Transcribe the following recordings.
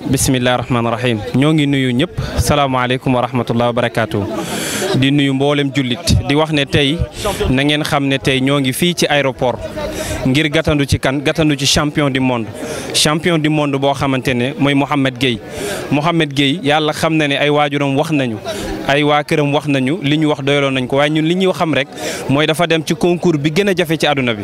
بسم الله الرحمن الرحيم نيوغي نيو نييب السلام عليكم ورحمه الله وبركاته دي نيو مبولم جوليت دي واخ تاي ناغين خام تاي نيوغي في تي ايروبور غير غاتاندو تي كان غاتاندو تي شامبيون دي موند شامبيون دي موند بو خامتيني موي محمد گاي محمد گاي يالا خامنا اي واجورم واخ ay waa këram wax nañu li ñu wax doyaloon nañ ko waaye ñun li ñuy xam rek mooy dafa dem ci concours bi gën a jafe ci àdduna bi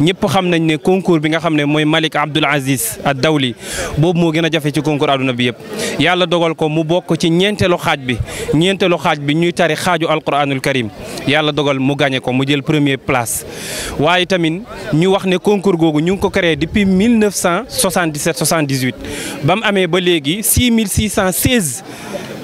ñëpp xam nañ ne concours bi nga xam ne mooy Malik Abdul Aziz ad Dawli boobu moo gën a jafe ci concours àdduna bi yëpp yàlla dogal ko mu bokk ci ñeenteelu xaaj bi ñeenteelu xaaj bi ñuy tari xaaju alquranul karim yàlla dogal mu gagné ko mu jël premier place waaye tamit ñu wax ne concours googu ñu ngi ko créé depuis 1977 78 ba mu amee ba léegi 6616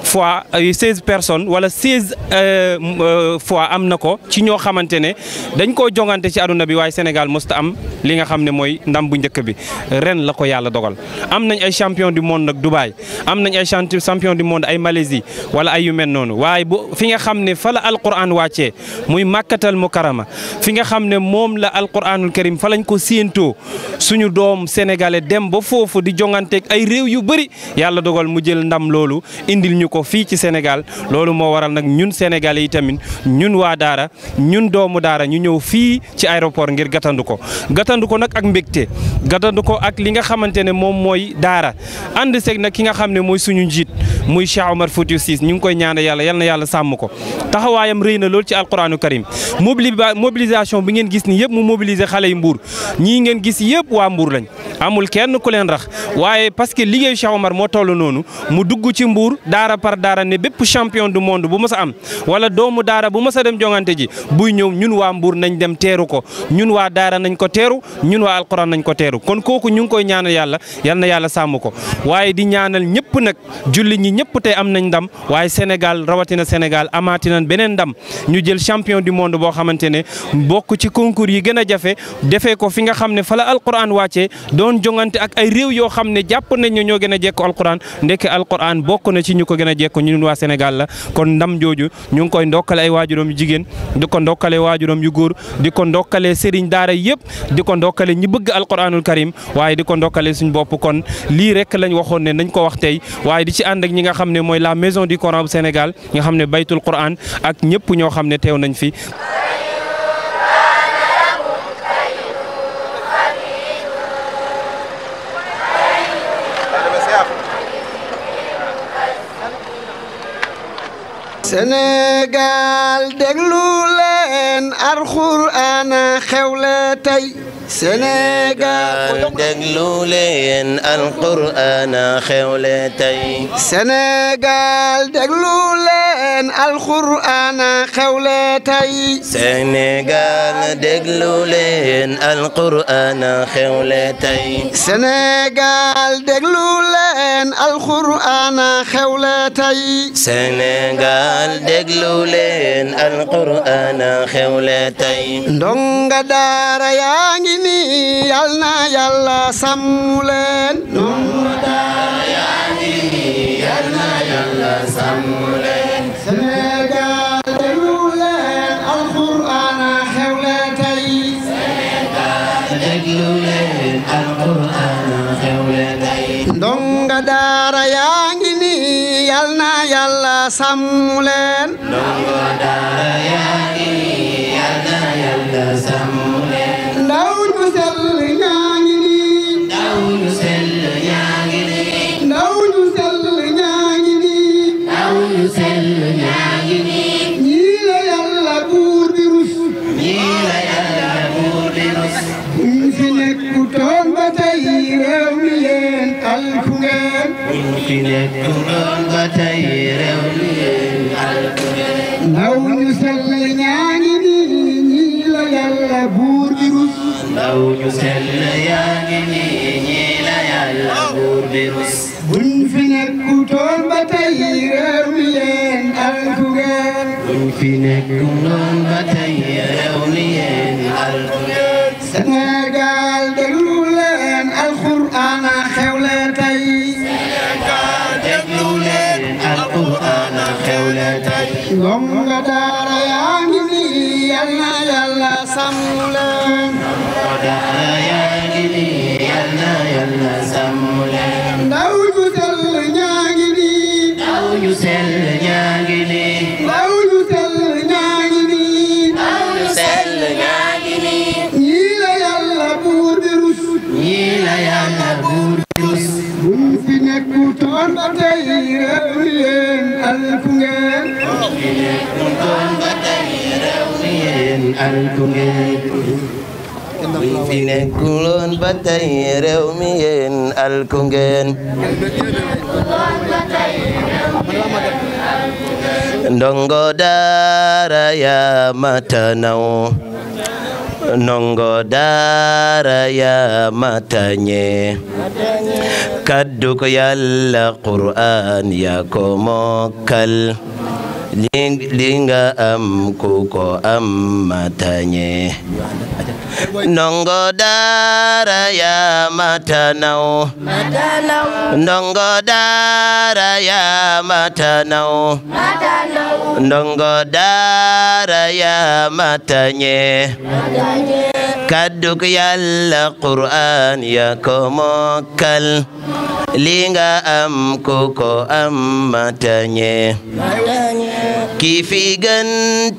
fois 16 euh, personnes personnes wala seize euh, euh, fois am na ko ci ñoo xamante ne dañ koo jongante ci aduna bi waaye Sénégal mosta am li nga xam ne mooy ndam bu njëkk bi ren la ko yàlla dogal. am nañ ay champion du monde nag Dubaï am nañ ay champion du monde ay Malaisie wala ay yu noonu waaye boo fi nga xam ne fala la alquran wàccee muy màkkatal mu karama fi nga xam ne moom la alquranul karim fa lañ ko séentoo suñu doom sénégalais dem ba foofu di jonganteeg ay réew yu bëri yàlla dogal mu jël ndam loolu indil ñu ci Sénégal. loolu moo waral nag ñun sénégalais yi tamit ñun waa daara ñun doomu daara ñu ñëw fii ci aéroport ngir gatandu ko gatandu ko nag ak mbégte gatandu ko ak li nga xamante ne moom mooy daara ànd seeg nag ki nga xam ne mooy suñu njiit muy Cheikh Omar Foutiou Cissé ñu ngi koy ñaanal yàlla yal na yàlla sàmm ko taxawaayam rëy na loolu ci alquranu karim mobilisation bi ngeen gis ni yëpp mu mobiliser xale yi mbuur ñii ngeen gis yëpp waa mbuur lañ amul kenn ku leen rax waaye parce que liggéeyu moo toll noonu champion du monde bu mës am wala doomu daara bu mës a dem jongante ji buy ñëw ñun waa Mbour nañ dem teeru ko ñun waa daara nañ ko teeru ñun waa alquran nañ ko teeru kon kooku ñu ngi koy ñaanal yàlla yal na yàlla sàmm ko waaye di ñaanal ñëpp nag julli ñi ñëpp tey am nañ ndam waaye Sénégal rawatina Sénégal amaati nañ beneen ndam ñu jël champion du monde boo xamante ne bokk ci concours yi gën a jafe defee ko fi nga xam ne fa la alquran wàccee doon jongante ak ay réew yoo xam ne jàpp nañ ñoo gën a jekko alquran ndekk alquran bokk na ci ñu ko gën a jekko waa Sénégal kon ndam jooju ñu ngi koy ndokkale ay waajuram jigéen di ko ndokkale waajuram yu góor di ko ndokkale sëriñ daara yëpp di ko ndokkale ñi bëgg alquranul karim waaye di ko ndokkale suñ bopp kon lii rek lañ waxoon ne nañ ko wax tey waaye di ci ànd ak ñi nga xam ne mooy la maison di Coran bu Sénégal nga xam ne baytul Quran ak ñëpp ñoo xam ne teew nañ fi Sénégal déglu leen alxuraan xewle tey Sénégal déglu leen alxuraan xewle tey Sénégal déglu leen alxuraan xewle tey Sénégal déglu leen alxuraan xewle tey Sénégal déglu leen alxuraan xewle tey Sénégal faal déglu leen alquraan xewle tey. ndonga daara yaa ngi nii yal na yàlla sàmm leen. ndonga daara yaa ngi nii yal na yàlla sàmm leen. Sénégal déglu leen alquraan xewle tey. Sénégal déglu leen alquraan xewle tey. ndonga daara yaa sàmm leen. ndongo daara yaa ngi yal na yàlla sàmm ki ne turam ba tey réew mi ndaw ñu sell ñaa ngi nii ñii la yàlla buur bi rus ndaw ñu sell yaa ngi nii ñii la yàlla buur bi rus buñ fi nekkutoon ba tey réew mi yéen alkuge buñ fi nekkutoon ba tey réew mi yéen alkuge Sénégal déglu leen alquran xewle tay ndongo daara yaa ngi nii yal na yàlla sàmm leen ku nekk buñ fi ndongo daara yaa mata naw daara yaa mata kaddu ko yàlla qur'aan yaa ko mokkal li nga am ku ko am matañe ndongo daara ya matanaw ndongo daara ya matanaw ndongo daara ya matañe kadduk yàlla qur'aan ya ko mokkal li nga am ku ko am matañe ki fi gën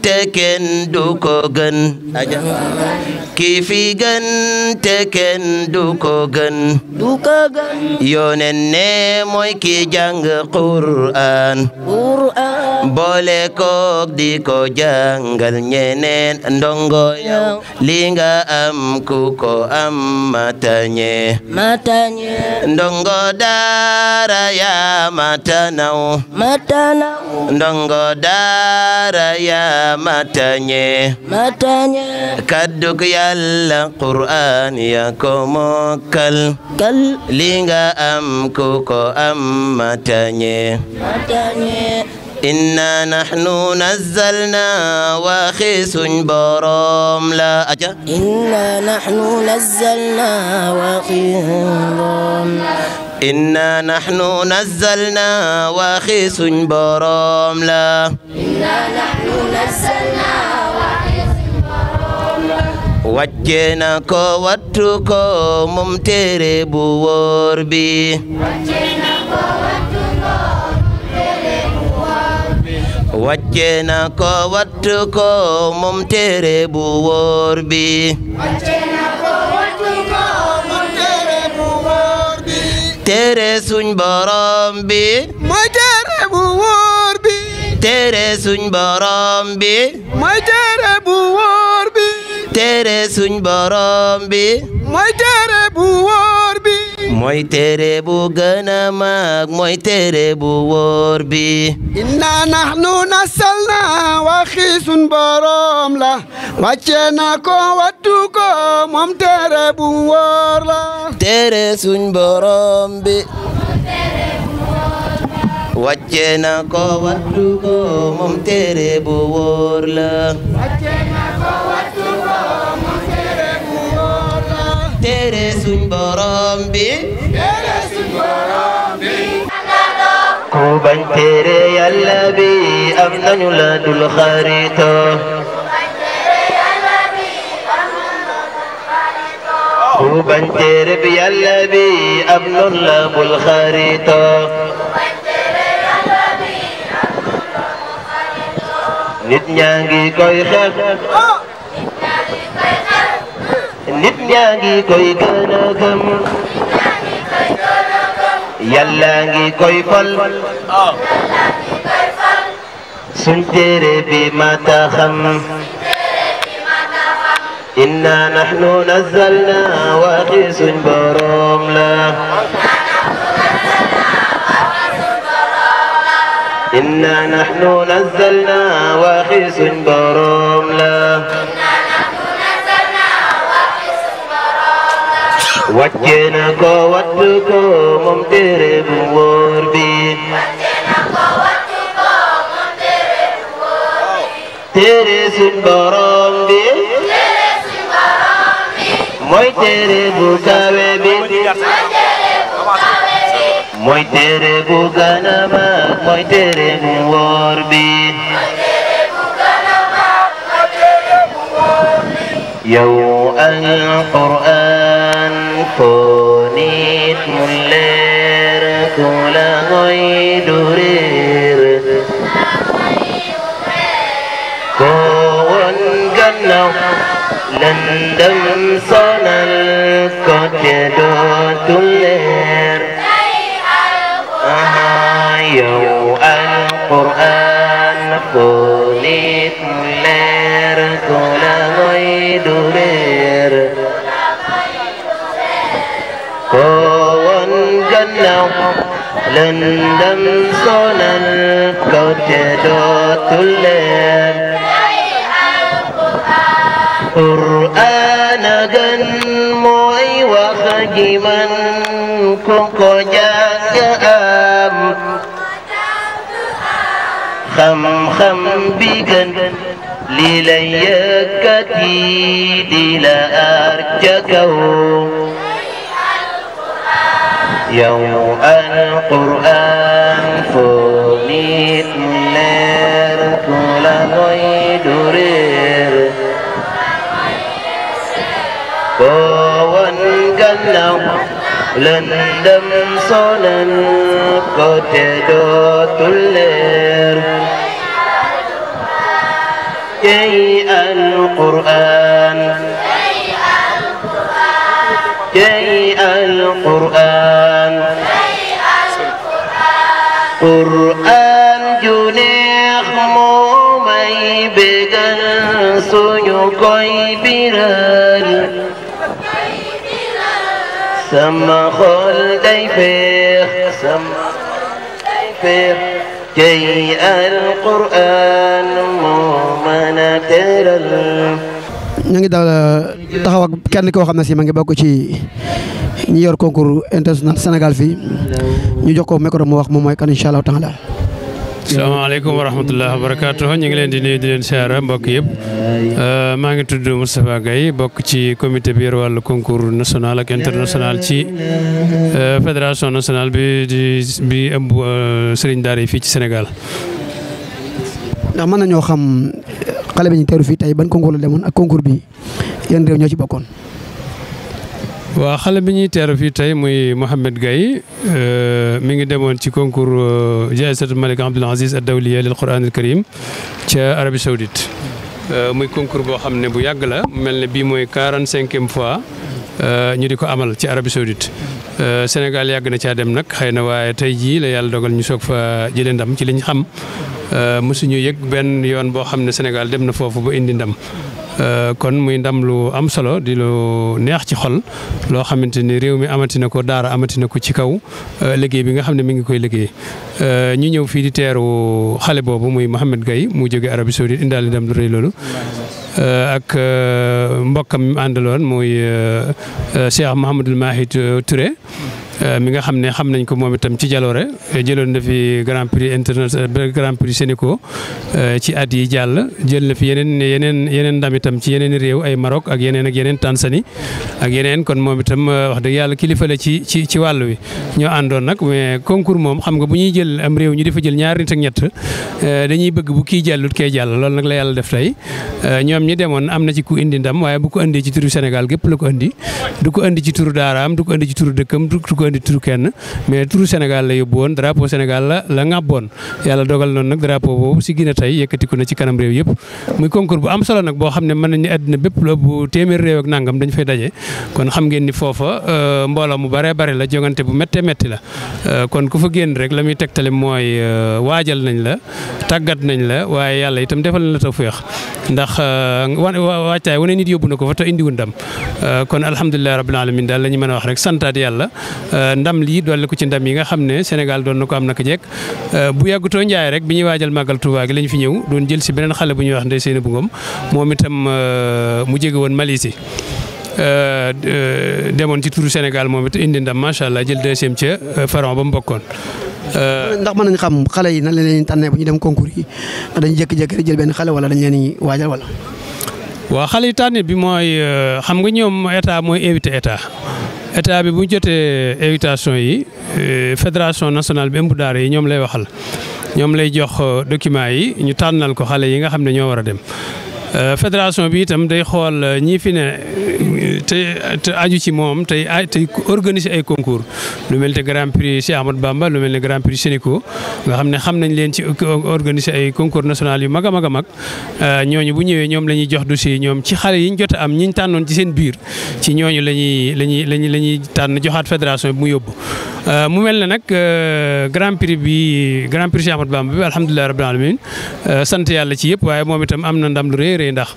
te kenn du ko gën yoone fi gën te kenn du ko gën ko mooy ki jàng Qur'an di ko jàngal ñeneen ndongo yow li nga am ku ko am matañe ndongo daara ya matanaw ndongo jaara yaa matañe matañe kaddug yàlla qur'aan ya ko kal li nga am ku ko am matañe matañe inna nahnu nazzalna waxi suñ borom la aca inna nahnu nazzalna waxi borom إنا نحن نزلنا واخي سن لا إنا نحن نزلنا واخي سن لا وجينا كو واتو كو ممتيري بوور بي وجينا كو واتو كو ممتيري بوور بي وجينا كو واتو كو ممتيري بوور بي وجينا téere suñ borom bi. mooy téere bu wóor suñ borom suñ borom bi. mooy téere bu gën a mooy téere bu wóor bi inna nahnu nasalna waxi sun la wàcce na ko wattu ko moom téere bu wóor la tere suñ borom bi tere suñ borom bi ku bañ tere yàlla bi am nañu la dul xarito ku bañ tere bi yàlla bi am noon la bul xarito nit ñaa ngi koy xeex yaa ngi koy gën a gëm yàlla ngi koy fal suñ téere bi mata xam inna nahnu nazzalna waxi suñ boroom la inna nahnu nazzalna waxi suñ boroom la wàcce na ko wattu ko moom téere bu wóor bi téere suñ borom bi mooy téere bu kawe bi mooy téere bu gën a mag mooy téere bu wóor bi yow al Qur'an ponit muller kula goy durir kawan ganau landam sonal kotedo tuller ayaw al-Quran punit muller kula lần đâm chế độ và lendem sonan kawdedotul len Qur'ana gan mu'i wa khajiman kum kojaam kham kham bigan lilayakati dila arjakau يوم القرآن فونيت ملير كل رير قوان قنو لندم صنن قتدو تلير جي القرآن kaybeden suyu kaybirer Sama khol dayfir Sama al-Qur'an mumana teral ñu ngi daal uh, taxaw ak kenn koo xam ne si ma ngi bokk ci ñi yor concours international Sénégal fii ñu jox ko micro mu wax moom mooy kan incha allah taala salaamaaleykum wa rahmatulah wa barakaatu ñu ngi leen di nuyu di leen siyaara mbokk yëpp euh, maa ngi tudd Moustapha Gaye bokk ci comité bi yor wàllu concours national ak international ci euh, fédération nationale bi di bi ëmb euh, sëriñ daara yi fii ci senegal ndax mën nañoo xam xale bi ñu teeru fii tey ban concours la demoon ak concours bi yan réew ñoo ci bokkoon. waaw xale bi ñuy teeru fii tey muy Mouhamed Gaye euh, mi ngi demoon ci concours euh, Jaïsatul Malik Abdul Aziz ad-Dawliya lil Quran al Karim ca Arabie Saoudite euh, muy concours boo xam ne bu yàgg la mel ne bii mooy quarante-cinquième fois ñu di ko amal ci Arabie Saoudite Sénégal yàgg na caa dem nag xëy na waaye tey jii la yàlla dogal ñu soog fa jëlee ndam ci liñ xam ñu yëg benn yoon boo xam ne Sénégal dem na foofu ba indi ndam Euh, kon muy ndam lu am solo di lu neex ci xol loo xamante ni réew mi amati na ko daara amati na ko ci kaw euh, liggéey bi nga xam ne mi ngi koy liggéey euh, ñu ñëw fii di teeru xale boobu muy Mohamed Gaye mu jóge Arabie indaal indaale ndam lu rëy loolu ak mbokkam mi àndaloon muy Cheikh Mouhamadul Mahi Touré Euh, mi nga xam ne xam nañ ko moom itam ci jaloore jëloon na fi grand prix international euh, grand prix euh, fi yeneen yeneen yeneen ndam itam ci yeneen réew ay Maroc ak yeneen ak yeneen ak yeneen kon moom itam wax dëgg yàlla kilifa la ci ci ci wàll wi ñoo àndoon nag mais concours moom xam nga bu ñuy jël réew ñu di fa jël ñaari nit ak dañuy bëgg bu kii jàllut kee jàll loolu nag la yàlla def tey ñoom ñi demoon am na ci ku indi ndam waaye bu ko indi ci turu Sénégal gépp la ko indi du ko indi ci turu daaraam du ko indi ci turu dëkkam du ko di turu kenn mais turu senegal la yobone drapeau senegal la la ngabone yalla dogal non nak drapeau ci si tay tey yëkkatiku na ci kanam rew yëpp muy concours bu am solo nak bo xam man mën nañ ne lo bu téeméer rew ak nangam dañ fay dajé kon xam ngeen ni euh mbolo mu bare bare la jogante bu metti metti la euh, kon ku fa genn rek lamuy tektale moy mooy euh, waajal nañ la tagat nañ la waye yalla itam defal na taw feex ndax euh, waccay wane nit yobuna ko fa indi ndam kon alhamdullilah rabbil alamin dal lañu mëna wax rek yalla Euh, ndam lii dolli ko ci ndam yi nga xam ne Sénégal doon na ko am naka jekk euh, bu yàggutoo Njaay rek bi ñuy waajal màggal Touba gi lañ fi ñëw doon jël si beneen xale bu ñuy wax Ndeye Seynabou Ngom moom itam euh, mu jege woon Malaisie demoon ci turu Sénégal moom it indi ndam macha allah jël deuxième ca faron ba mu bokkoon. ndax mën nañ xam xale yi nan la leen tànnee bu ñu dem concours yi dañu jékki-jékki jël benn xale wala dañ leen waajal wala. waaw xale yi tànn bi mooy euh, xam nga ñoom état mooy invité état état bi bu jotee invitation yi euh, fédération nationale bi ëmb daara yi ñoom lay waxal ñoom lay jox euh, document yi ñu tànnal ko xale yi nga xam ne ñoo war a dem fédération bi itam day xool ñi fi ne te te aju ci moom tey tey organiser ay concours lu mel ne grand prix Cheikh Ahmad Bamba lu mel ne grand prix Sénéco nga xam ne xam nañ leen ci organiser ay concours national yu mag mag a mag euh, ñooñu bu ñëwee ñoom la ñuy jox dossier ñoom ci xale yi jot am ñi ñu tànnoon ci seen biir ci ñooñu la ñuy la ñuy la ñuy la tànn joxaat fédération bi mu yóbbu. Euh, mu mel ne nag euh, grand prix bi grand prix Cheikh Ahmad Bamba bi alhamdulilah rabbil alamin sant yàlla ci yëpp waaye moom itam am na ndam lu rëy rëy ndax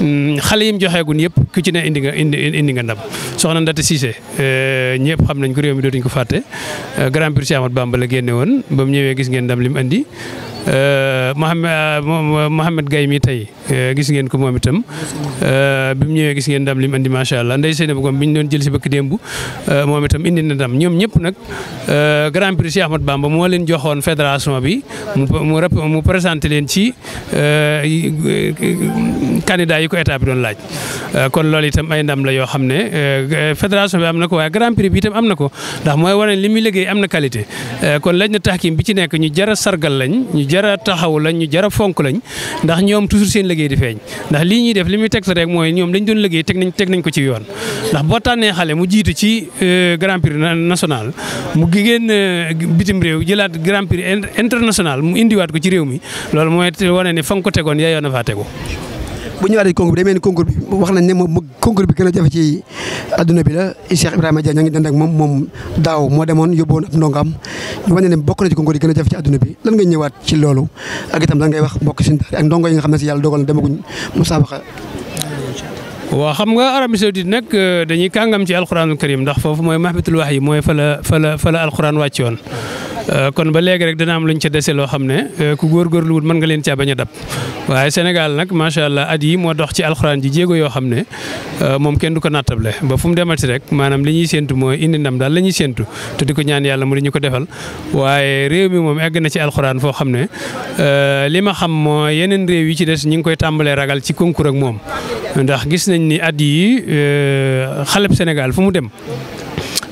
mm, xale yi mu joxeegun yëpp ku ci indi nga indi nga ndam soxna Ndata Cissé euh, ñëpp xam nañ ko réew mi dootuñ ko fàtte euh, Grand Prix Cheikh Ahmadou Bamba la génne woon ba mu ñëwee gis ngeen ndam li mu indi Euh, Mouhamed euh, Mouhamed Gaye mi tey euh, gis ngeen ko moom itam bi mu ñëwee gis ngeen ndam li mu indi macha allah ndey Seynabou Ngom bi ñu doon jël si bëkk moom itam indi na ndam ñoom ñëpp nag Grand Prix Cheikh Ahmadou Bamba moo leen joxoon fédération bi mu mu présenté leen ci candidat yi ko état bi doon laaj. kon loolu itam ay ndam la yoo xam ne fédération bi am na ko waaye Grand Prix bi itam am na ko ndax mooy wane li muy liggéey am na qualité kon lañ na taxkim bi ci nekk ñu jar sargal lañ. jara taxaw lañ ñu jara fonk lañ ndax ñoom toujours seen liggéey di feeñ ndax lii ñuy def li muy teg rek mooy ñoom lañ doon liggéey teg nañ teg nañ ko ci yoon ndax boo tànnee xale mu jiitu ci euh, grand prix national mu génn euh, bitim réew jëlaat grand prix international mu indiwaat ko ci réew mi loolu mooy wane ne fa ko tegoon yaa yoon a faa bu ñu laajee concours bi day mel ni bi wax nañ ne moom concours bi gën a jafe ci adduna bi la Cheikh Ibrahima Dia ñoo ngi dend ak moom moom daaw moo demoon yóbbuwoon ab ndongaam ñu wane ne bokk na ci concours yi gën a jafe ci adduna bi lan nga ñëwaat ci loolu ak itam lan ngay wax bokk si ak ndongo yi nga xam ne si yàlla dogal na demaguñ musaabaqa waaw xam nga Arabie Saoudite nag euh, dañuy kàngam ci alquranul karim ndax foofu mooy mahbatul wahyi mooy fa la fa la fa la alquran wàcce Euh, kon ba léegi rek dina am luñ ca desee loo xam ne euh, ku góorgóorlu wut mën nga leen caa bañ a dab waaye Sénégal nag macha allah at yi moo dox ci alxuraan ji jéego yoo xam ne euh, moom kenn du ko nattable ba fu mu demal demati rek maanaam li ñuy séentu mooy indi daal la ñuy séentu te di ko ñaan yàlla mu di ñu ko defal waaye réew mi moom egg na ci alxuraan foo xam ne li ma xam moo yeneen réew yi ci des ñu ngi koy tàmbalee ragal ci concours ak moom ndax gis nañ ni at yi xaleb Sénégal fu mu dem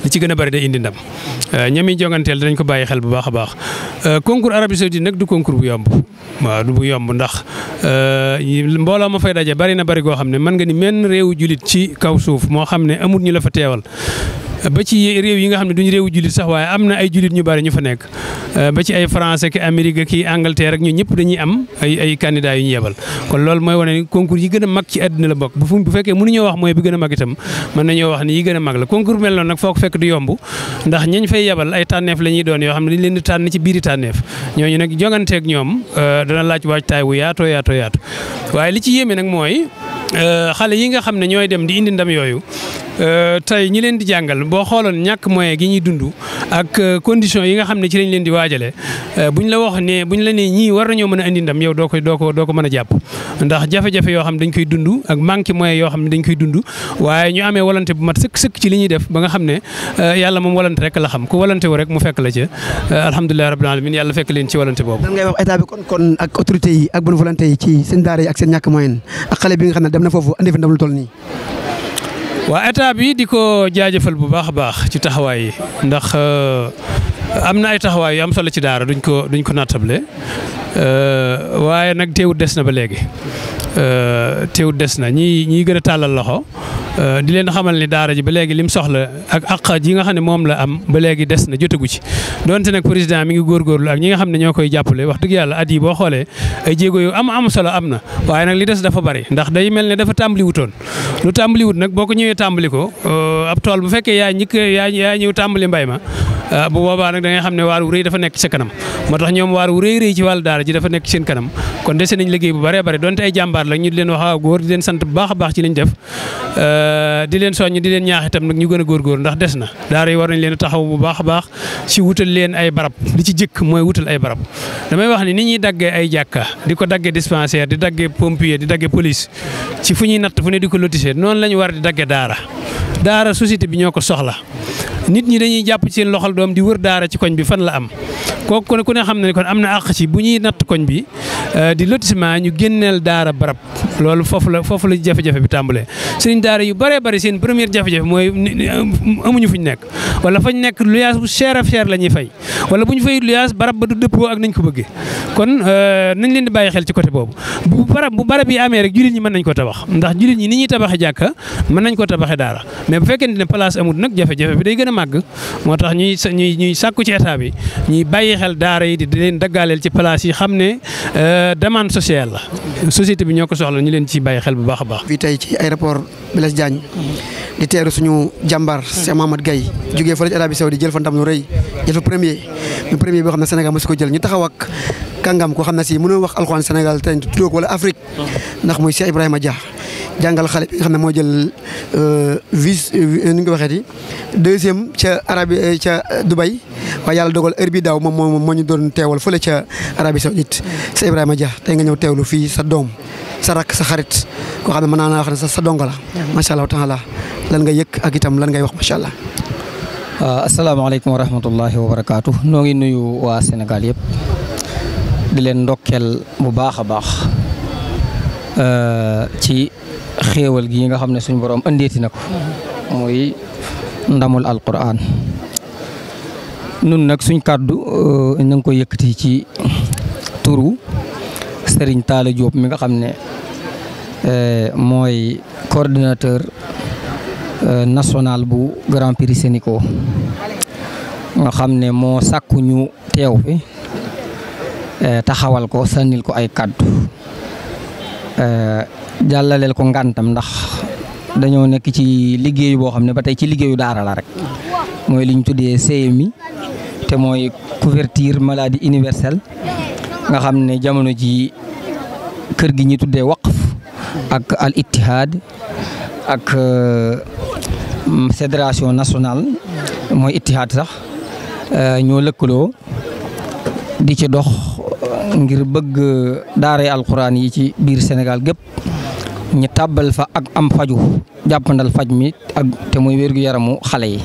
li ci gën a bari day indi ndam euh, ñami jonganteel dinañ ko bàyyi xel bu baax a baax euh, concours Arabie Saoudite nag du concours bu yomb waaw du bu yomb ndax euh, mbooloo ma fay daje bari na bari goo xam ne mën nga ni menn réewu julit ci kaw suuf moo xam ne amul ñu la fa teewal ba ci réew yi nga xam ne duñu réewu jullit sax waaye am na ay jullit ñu bari ñu fa nekk euh, ba ci ay français ki Amérique ki Angleterre ak ñu ñëpp dañuy am ay ay candidats yu ñu yebal kon loolu mooy wane ni concours yi gën a mag ci àddina la bokk bu fu bu fekkee mënuñoo wax mooy bi gën a mag itam mën nañoo wax ni yi gën a la concours mel noonu nag foo ko fekk du yomb ndax ñañ fay yebal ay tànneef la ñuy doon yoo xam ne dañ leen di tànn ci biiri tànneef ñooñu nag jonganteeg ñoom euh, dana laaj waajtaay wu yaatoo yaatoo yaatu waaye li ci yéeme nag mooy Euh, xale yi nga xam ne ñooy dem di indi ndam yooyu euh, tey ñi leen di jàngal boo xooloon ñàkk moyen gi ñuy dund ak euh, condition yi nga xam ne ci lañ leen di waajale buñ la wax ne buñ la nee ñii war nañoo mën a indi ndam yow doo ko doo ko doo ko mën a jàpp ndax jafe yoo xam ne dañ koy dund ak manque moyen yoo xam ne dañ koy dund waaye ñu amee walante bu mat sëkk-sëkk ci li ñuy def ba nga xam ne yàlla moom walante rek la xam ku walante wu rek mu fekk la ca alhamdulilah rabbil fekk leen ci walante boobu. lan ngay kon kon ak autorité yi ak bonne xale bi nga xam ne dem na foofu andi fi ndam lu nii. waa état bi di ko jaajëfal bu baax a baax ci taxawaay yi ndax euh, am na ay taxawaay yu am solo ci daara duñ ko duñ ko nattable euh, waaye nag teewut des na ba léegi. Euh, teewut des na ñi ñiy gën a tàllal loxo euh, di leen xamal ni daara ji ba léegi lim soxla ak ak ji nga xam ne moom la am ba léegi des na jotagu ci donte nag président mi ngi góorgóorlu ak ñi nga xam ne ñoo koy jàppale wax dëgg yàlla at boo xoolee ay jéego yu am am solo am na waaye nag li des dafa bari ndax day mel ne dafa tàmbali wutoon lu tàmbali wut nag boo ko ñëwee tàmbali ko euh, ab tool bu fekkee yaa ñi yaa ñëw tàmbali mbay ma bu boobaa nag da ngay xam ne waar wu rëy dafa nekk ci sa kanam moo tax ñoom waar wu rëy ci wàllu daara ji dafa nekk seen kanam jàmbaar la ñu di leen wax waaw góor di leen sant bu baax baax ci liñ def euh, di leen soññ di leen ñaax itam nag ñu gën a góorgóor ndax des na daara yi war nañ leen taxaw bu baax a baax si wutal leen ay barab li ci jëkk mooy wutal ay barab damay wax ni ni ñuy daggee ay jàkka di ko daggee dispensaire di daggee pompier di dagge police ci fu ñuy natt fu ne di ko lotisé noonu la ñu war di daggee daara daara société bi ñoo ko soxla nit ñi dañuy jàpp ci seen loxol doom di wër daara ci koñ bi fan la am kooku ku xam ne kon am na àq ci bu ñuy natt koñ bi euh, di lotissement ñu génneel daara barab loolu foofu la foofu la jafe-jafe bi tàmbalee. seen daara yu bëree bëri seen première jafe-jafe mooy amuñu fu ñu nekk wala fañ nekk luyaas bu cher a la ñuy fay wala bu ñu fay luyaas barab ba du dëppoo ak nañ ko bëggee kon euh, nañ leen di bàyyi ci côté boobu bu barab bu barab yi amee rek jullit ñi ndax jullit ñi ni ñuy tabaxee jàkka mën nañ ko tabaxee daara mais nag jafe-jafe bi day gën a màgg moo tax ñuy ñuy ñuy sàkku ci état bi ñuy bàyyi xel daara yi di leen daggaaleel ci place yi xam ne euh, demande sociale la société bi ñoo ko soxla ñu leen ci bàyyi xel bu baax a baax. fii tey ci aéroport Blaise Diagne di teeru suñu jàmbaar Cheikh Mahamad Gaye jógee fële ci Arabie Saoudi jël fa ndam lu rëy jël fa premier mu premier boo xam ne Sénégal mosu ko jël ñu taxaw ak kàngam koo xam ne si mënoo wax alxuraan Sénégal te tuddoo ko wala Afrique ndax muy Cheikh Ibrahima Dia jàngal xale bi nga xam ne moo euh, vice euh, nu ñu ko waxeeti deuxième ci ca Arabie eh, eh, Dubai wa yalla dogal heure bi daw mom mo ñu doon teewal fele ci Arabie Saoudite sa Ibrahima Dia tay nga ñew teewlu fi sa dom sa rak sa xarit ko xamne man na wax na sa dong la macha allah taala lan nga yek ak itam lan ngay wax macha allah. Ah, alaykum wa rahmatullahi wa barakatuh no ngi nuyu wa senegal yeb di len ndokkeel bu baax a ah, ci xewal gi nga xamne suñu borom ndamul alquran nun nag suñ kàddu euh, ñu ngi koy yëkkati ci turu sëriñ Talla Diop mi nga xam ne euh, mooy coordinateur euh, national bu Grand Prix Sénico nga xam ne moo sàkku teew fi taxawal ko sànnil ko ay kàddu jàllaleel ko ngàntam ndax dañoo nekk ci liggéey boo xam ne ba tey ci liggéeyu daara la rek mooy li ñu tuddee CMI te mooy couverture maladie universelle nga xam ne jamono ji kër gi ñu tuddee waqf ak al ak euh, fédération nationale mooy ittihaad sax euh, ñoo lëkkaloo di ci dox ngir bëgg daaray alquran yi ci biir Sénégal gépp ñu tàbbal fa ak am faju jàppandal faj mi ak te mooy wér gu yaramu xale yi.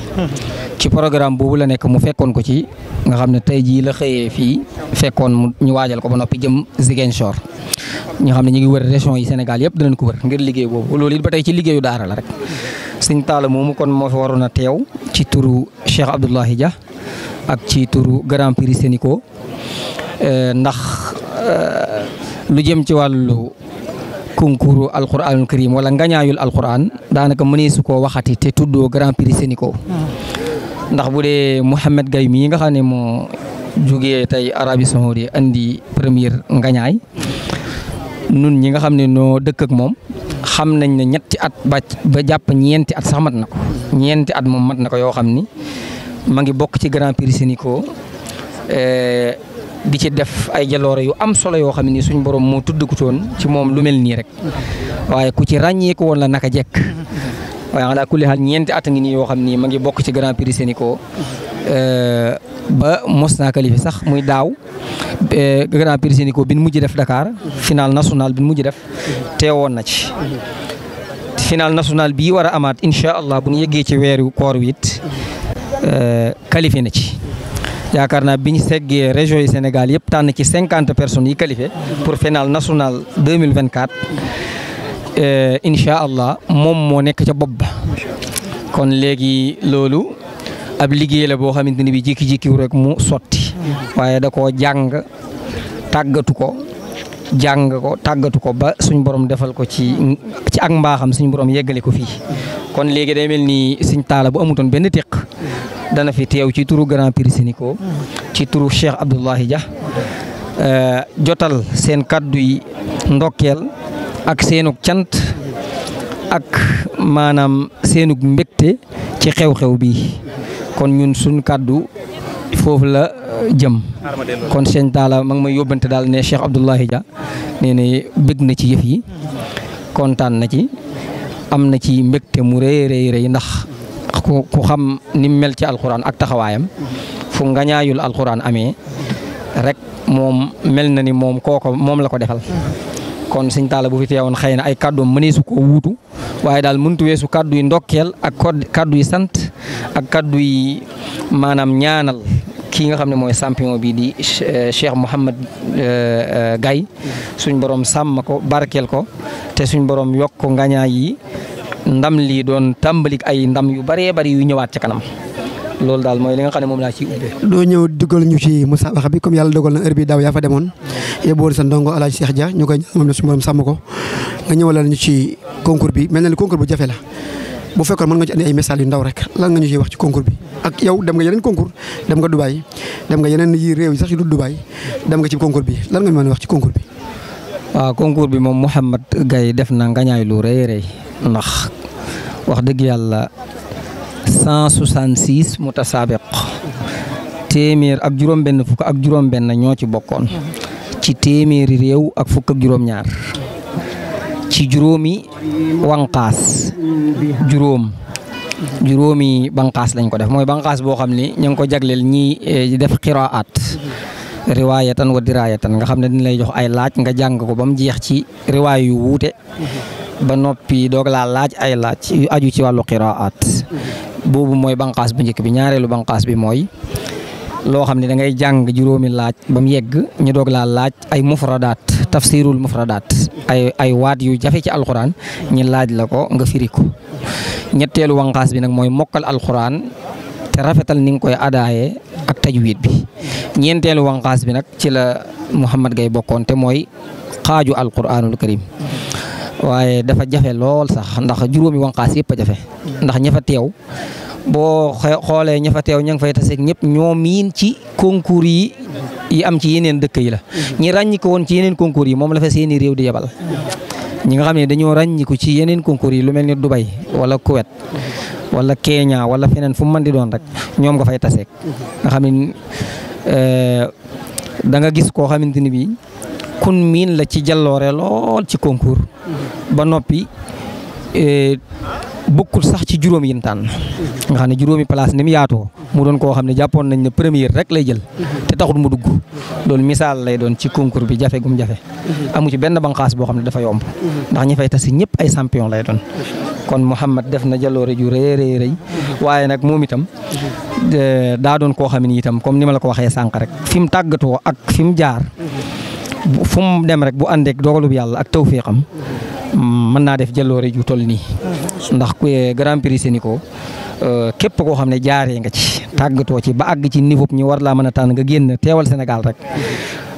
ci programme boobu la nekk mu fekkoon ko ci nga xam ne tey jii la xëyee fii fekkoon mu ñu waajal ko ba noppi jëm Ziguinchor ñi xam ne ñu ngi wër région yi Sénégal yëpp dinañ ko wër ngir liggéey boobu loolu it ba tey ci liggéeyu daara la rek. sëñ Talla moomu kon moo fi waroon a teew ci turu Cheikh Abdoulahi ja ak ci turu Grand Prix Sénico eh, ndax eh, lu jëm ci wàllu. concours alquranul karim wala ngañaayul alquran daanaka mëneesu koo waxati te tuddoo grand prix Sénico ah. ndax bu dee Mouhamed Gaye mii nga xam ne moo jógee tey Arabie Saoudite andi première ngañaay nun ñi nga xam ne noo dëkk ak moom xam nañ ne ñetti at ba ba jàpp ñeenti at sax mat na ko ñeenti at moom mat na ko yoo xam ni ma ngi bokk ci grand di ci def ay jaloore yu am solo yoo xam ne nii suñu borom moo tudd ko toon ci moom lu mel nii rek waaye ku ci ràññeeku woon la naka jekk. waaye ñeenti at ngi nii yoo xam ma ngi bokk ci Grand Prix Sénico euh, ba mos naa sax muy daaw euh, Grand bi nu mujj def Dakar. final national bi nu mujj def teewoon na ci. final national bii war a amaat incha allah bu ñu yëggee ci weeru koor wi it euh, na ci. yaakaar naa bi ñu seggee région yi Sénégal yëpp tànn ci cinquante personnes yi qualifié pour fenal national deux mille vingt quatre euh, incha allah moom moo nekk ca bopp ba. kon léegi loolu ab liggéey la boo xamante ni bi jikki jékki rek mu sotti. waaye da ko jàng tàggatu ko. jàng ko tàggatu ko ba suñ borom defal ko ci ci ak mbaaxam suñ borom yeggale ko fii kon léegi day mel ni suñ taala boo amutoon benn teq dana fi teew ci turu Grand Prix Sénico ci turu Cheikh Abdoulaye Dia euh, jotal seen kaddu yi ndokkeel ak seenug cant ak maanaam seenug mbégte ci xew-xew bi kon ñun suñ kaddu foofu la euh, jëm kon seen Talla ma ngi may yóbbante daal ne Cheikh Abdoulaye Dia nee na na ci yëf yi kontaan na ci am na ci mbégte mu rëy rëy ndax ku ku xam ni mu mel ci alxuraan ak taxawaayam fu ngañaayul alxuraan amee rek moom mel na ni moom kooko moom la ko defal. kon sëñ Talla bu fi teewoon xëy na ay kaddu mëneesu koo wuutu waaye daal mënut weesu kàddu yi ndokkeel ak kàddu yi sant ak kàddu yi maanaam ñaanal kii nga xam ne mooy champion bi di euh, Cheikh Mouhamad euh, euh, Gaye suñ borom sàmm ko barkeel ko te suñ borom yokk ko ndam lii doon tàmbalik ay ndam yu bëree bëri yu ñëwaat ci kanam loolu daal mooy li nga xam ne moom laa ciy ubbee. doo ñëw dugal ñu ci musaabaxa bi comme yàlla dogal na heure bi daaw yaa fa demoon yóbbu woon sa ndongo El Hadj Cheikh Dia ñu koy moom la suñu sàmm ko nga ñëwalal ñu ci concours bi mel na ni concours bu jafe la bu fekkoon mën nga ci andi ay message yu ndaw rek lan ñu ciy wax ci concours bi ak yow dem nga yeneen concours dem nga Dubaay dem nga yeneen yi réew yi sax yu du Dubaay dem nga ci concours bi lan nga mën wax ci concours bi. waaw concours bi moom Mouhamed Gaye def na ngañaay lu rëy rëy ndax wax deug yalla 166 mutasabiq témir ak juroom benn fuk ak juroom benn ño ci bokkon ci téeméeri rew ak fuk ak juroom ñaar ci juroomi wankas juroom juroomi bankas lañ ko def moy bankas bo xamni ñang ko jagleel ñi eh, def qiraat riwayatan wa dirayatan nga xamne dañ lay jox ay laaj nga jang ko bam jeex ci riwayu ba nopi dog la laaj ay laaj yu aju ci walu qiraat bobu moy. bankas bu njëkk bi ñaareelu bankas bi moy lo xamni da ngay jang juroomi laaj bam yegg ñu dog la laaj ay mufradat, tafsirul mufradat ay ay waat yu jafé ci alquran ñi laaj lako nga firi ko ñetteelu bi nak moy mokkal alquran te rafetal ni koy adaaye ak tajwid bi ñentelu banqaas bi nak ci la Muhammad Gay bokon te moy qaju alquranul karim waaye dafa jafe lool sax ndax juróomi wànqaas yëpp a jafe ndax ña fa teew boo xoolee ña fa teew ña ngi fay taseeg ñëpp ñoom miin ci concours yi yi am ci yeneen dëkk yi la ñi ràññi ko woon ci yeneen concours yi moom la fa seeni réew di yebal ñi nga xam ne dañoo ràññiku ci yeneen concours yi lu mel ni Dubai wala Kuwait wala Kenya wala feneen fu mu mën di doon rek ñoom nga fay taseek nga xam ne eh, da gis koo xamante ni bii kun miin la ci jalloore lool ci concours ba noppi e, bokkul sax ci juróom yi tànn nga xam ne juróomi place ni mu yaatoo mu doon koo xam ne jàppoon nañ ne première rek lay jël te taxul mu dugg loolu misaal lay doon ci concours bi jafe gum jafe amu ci benn banqaas boo xam ne dafa yomb ndax ñi fay tasi ñëpp ay champion lay doon kon Mouhamed def na jaloore ju rëy rëy waaye nag moom itam e, daa doon koo xam ne itam comme ni ma la ko waxee sànq rek fi mu tàggatoo ak fi mu jaar fu mu dem rek bu ànd ak bu yàlla ak tawféexam mën naa def jaloore ju toll nii ndax ku eh, grand prix Sénico euh, képp koo xam ne jaaree nga ci tàggatoo ci ba àgg ci niveau ñu war laa mën a tànn nga génn teewal Sénégal rek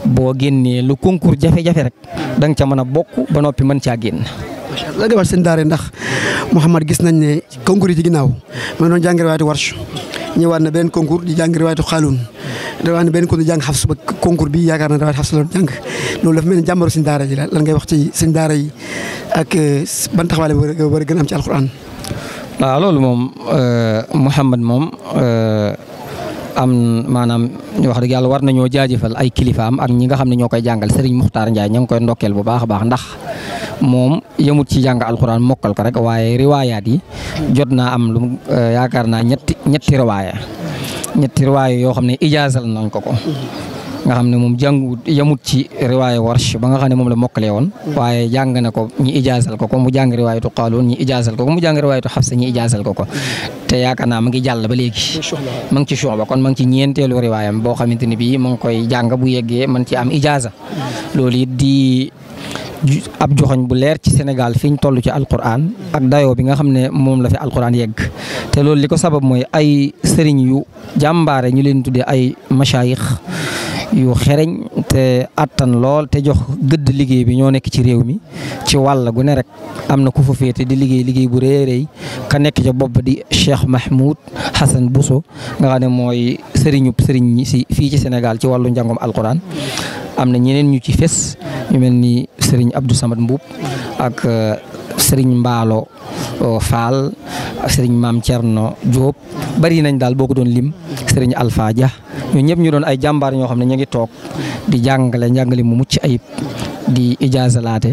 boo génnee lu concours jafe-jafe rek da nga ca mën a bokk ba noppi mën caa génn. ndax Mouhamad gis nañ ne concours yi ci ginnaaw ma ñëwaan na benn concours di jàng riwaayatu xaaluun dawaat na beneen concours di jàng xafs ba concours bi yaakaar na riwaayatu xafs la doon jàng loolu dafa mel ni jàmbaru suñ ji la lan ngay wax ci ak euh, ban taxawaay la war gën a ci alquran. waaw loolu moom euh, Mouhamed moom euh, am maanaam wax dëgg yàlla war nañoo jaajëfal ay kilifaam ak ñi nga xam ne ñoo koy jàngal Serigne Muxtaar Ndiaye ña ngi koy ndokkeel bu baax a baax ndax. moom yëmut ci jàng alxuraan mokkal ko rek waaye riwaayaat yi jot naa am lu eh, yaakaar naa ñetti ñetti riwaaya ñetti riwaaya yoo xam ne ijaasal nañ ko ko nga xam ne moom jàngut yamut ci riwaaya warsh ba nga xam ne moom la mokkalee woon waaye jàng na ko ñi ijaasal ko ko mu jàng riwaayatu Qaaluun ñi ijaasal ko ko mu jàng riwaayatu Xafsa ñi ijaasal ko ko te yaakaar naa ma ngi jàll ba léegi ma ngi ci shuba kon ma ngi ci ñeenteelu riwaayam boo xamante ne bii ma ngi koy jàng bu yeggee man ci am ijaasa mm. loolu it di ab joxoñ bu leer ci Sénégal fi ñu toll ci alquran ak dayo bi nga xam ne moom la fi alquran yegg te loolu li ko sabab mooy ay sëriñ yu jàmbaare ñu leen tuddee ay machaayix yu xereñ te attan lool te jox gëdd liggéey bi ñoo nekk ci réew mi ci wàll gu ne rek am na ku fa féete di liggéey liggéey bu rëy rëy ka nekk ca bopp di Cheikh Mahmoud Hassan Bousso nga xam ne mooy sëriñub sëriñ ñi si fii ci Sénégal ci wàllu njàngom alkuraan am na ñeneen ñu ci fes ñu mel ni sëriñ abdu Samad Mbuub sëriñ Mbaalo Fall sëriñ Maam Thierno Diop bari nañ daal boo ko doon lim sëriñ Alpha ñoo ñëpp ñu doon ay jàmbaar ñoo xam ne ñu ngi toog di jàngale njàngale mu mucc ayib di ijaasalaate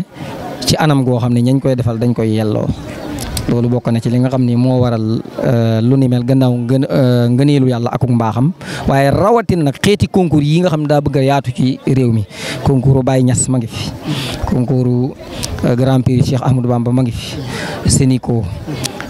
ci anam goo xam ne ñañ koy defal dañ koy yelloo. loolu bokk na ci li nga xam ni moo waral euh, lu nimel mel gannaaw ngën euh, ngëneelu yàlla akuk mbaaxam waaye rawatin nag xeeti concours yi nga xam daa bëgg yaatu ci réew mi concours Baye Niass ma ngi fi konkur euh, Grand Prix Cheikh Ahmadou Bamba ma ngi fi Sénico